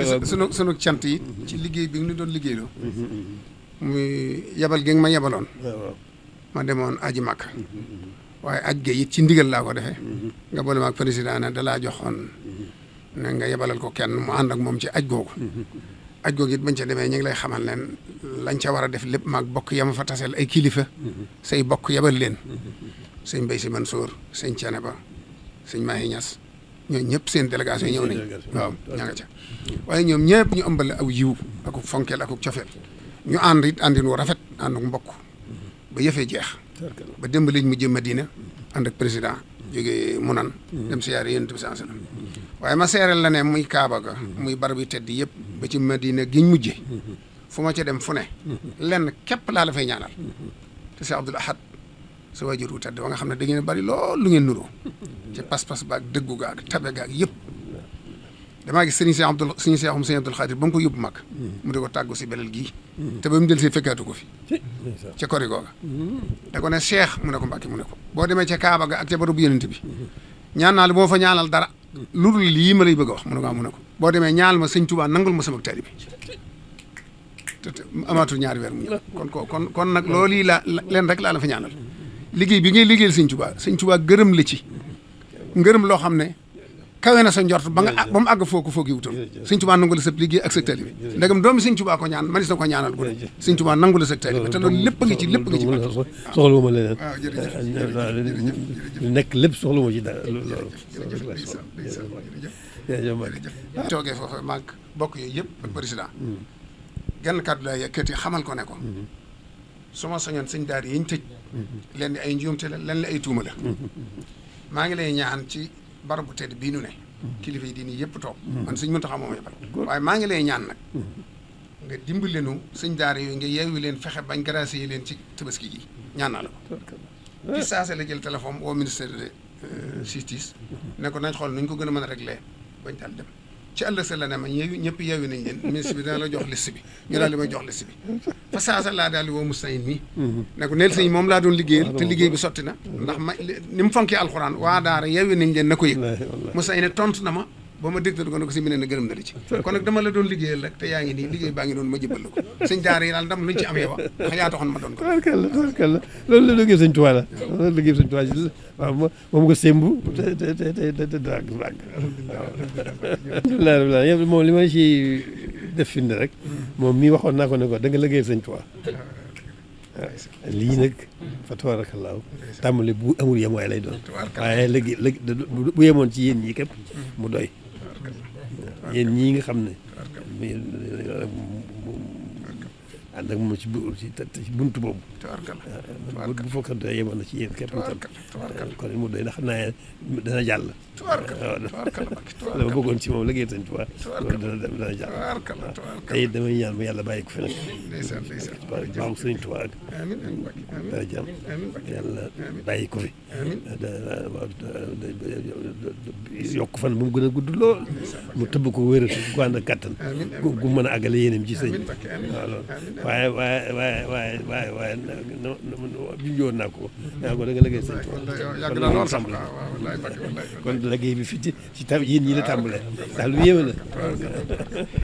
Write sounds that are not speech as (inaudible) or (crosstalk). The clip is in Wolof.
Euh, sunu sunu cant yi mhm. ci liggéey bi nga ñu doon liggéeyloo mhm, mhm, muy yabal gi ma yabaloon ma demoon aji mag waaye aj ga ci ndigal laa ko defee nga boole maag président ne dalaa joxoon ne nga yabalal ko kenn mu ànd ak moom ci aj googu aj googu it bañ ca demee ñu ngi lay xamal leen lañ ca war a def lépp maag bokk yama fa taseel ay kilifa say bokk yabal leen sëñ Mbay Si Mansour sëñ Cene Ba sëñ Mahi Ñas ñooñu ñëpp seen délégation ñëw nañ waaw ña nga ca waaye ñoom ñëpp ñu ëmbal aw yiw ak fonkeel ak cofeel ñu ànd it wu rafet ànd ak mbokk ba yëfee jeex ba démb liñ mu jëm Madina ànd ak président jógee Munan dem siyaare Yonent bi sallallahu waaye ma seereel la ne muy Kaaba ga muy barab yu tedd yëpp ba ci Madina giñ mujje fu ma ca dem fu ne lenn képp laa la fay ñaanal te si Abdul sa waajur wu tedd wa nga xam ne da ngeen bari lool lu ngeen nuroo (laughs) ci pas-pas ba ak dëggu ga ak tabe ga ak yëpp damaa gis sëriñ Cheikh Abdoul sëriñ Cheikh Oumy sëriñ Abdoul Khadir ba ko yóbbu mag mm. mu di ko tàggu si belel gii mm. te ba mu del see fekkaatu ko fi ca kori googa mm. da ko ne Cheikh mu ne ko Mbàkke mu ne ko boo demee ca Kaaba ga ak ca barabu Yonent bi mm-hmm. ñaan naa la boo fa ñaanal dara lu lii ma lay bëgg a wax mu ne ko ah, mu ne ko boo demee ñaanal ma sëñ Tuubaa nangul ma sama taalibe bi (laughs) te amaatul ñaari weer (laughs) kon ko kon kon nag loolu yi la leen rek laa la fa liggéey bi ngay liggéeyal sëñ Tuubaa sëñ Tuubaa gërëm la ci ngërëm loo xam ne kawe na sa njort ba nga ba mu àgg foo ko foo ko wutoon nangu la sa liggéey ak sa taalibe bi ndegam doomi ko na ko ñaanal ko ne sëñ Tuubaa nangu la sa taalibe bi te loolu lépp a ngi ci lépp ngi ci soxla ma leneen waaw ah, ah, ah, nekk lépp soxla ma ci dara loolu toogee foofu maag bokk yooyu yëpp président mm. genn kàddu la yëkkati xamal ko ne ko mm-hmm. su ma soñoon sëñ daar yi ñu tëj leen di ay njuumte la leen la ay tuuma la maa ngi lay ñaan ci barabu tedd bii nu ne kilifa yi diini yëpp toog man sëñ Muntaxa moom yebal waaye maa ngi lay ñaan nag hmm. nga dimbali leenu sëñ daara yooyu nga yeewi leen fexe bañ gracier yi leen ci tabaski gi ñaan naa la ko hmm. ci saase la jël téléphone woo ministère de euh, justice hmm. ne nañ xool nuñ ko gën a mën a réglé bañ daal dem ci àll sa la ne ma ñëw ñëpp yeewi nañ leen ministre bi dana la jox liste bi ñu daal li may jox liste fa saasa laa daal di woo Moussa mi. ne ko neel sëñ moom laa doon liggéeyal te liggéey bi sotti na. ndax ma ni mu fonkee alxuraan waa daara yeewee nañ leen na ko yëg. Moussa ne tontu na ma ba ma dégtal ko ne ko si beneen gërëm na la ci. rek te yaa ngi nii liggéey baa ngi doon ma jëbbal ko sëñ daara yi daal ndam luñ ci amee wax ndax yaa taxoon ma doon ko. tubaarkalla tubaarkalla la liggéey sëñ la. loolu la liggéey sëñ Tuubaa la waaw moom moom nga sémbu te te te drag drag. alhamdulilah def fi ne rek moom mii waxoon naa ko ne ko da nga liggéeyal sëñ lii nag fa tabaarakallaahu tàmbali bu amul yemuwaay lay doon waaye léegi léegi bu yemoon ci yéen ñii képp mu doy yéen ñii nga xam ne ànd ak moom ci ci buntu boobu. tubaarkal euh, bu bu fokkante yemoon na ci yéen képp itam. Euh, kon mu doy ndax naa dana jàll. tubaarkal tubaarkal la ma bëggoon ci moom liggéey Sëñ Tuubaa. tubaarkal dana dem dana jàll. tubaarkal ah, tubaarkal te it damay ñaan ba yàlla bàyyi ko fi nag. ndeysaan ndeysaan baaxul Sëñ Tuubaa ak. amiin amiin dara jàmm yàlla bàyyi ko fi. amiin euh, yokk fan bu mu gën a gudd lool. mu tëbb ko wér gu ànd ak kattan. amiin gu mën a àggale yéenam ci sëñ waaw loolu waaye waaye waaye waaye waaye waaye junjoon naa ko. naa ko da nga liggéey sëñ Tuubaa kon liggéey bi fii ci ci tam yéen ñi la tàmbalee ndax lu yéeme la.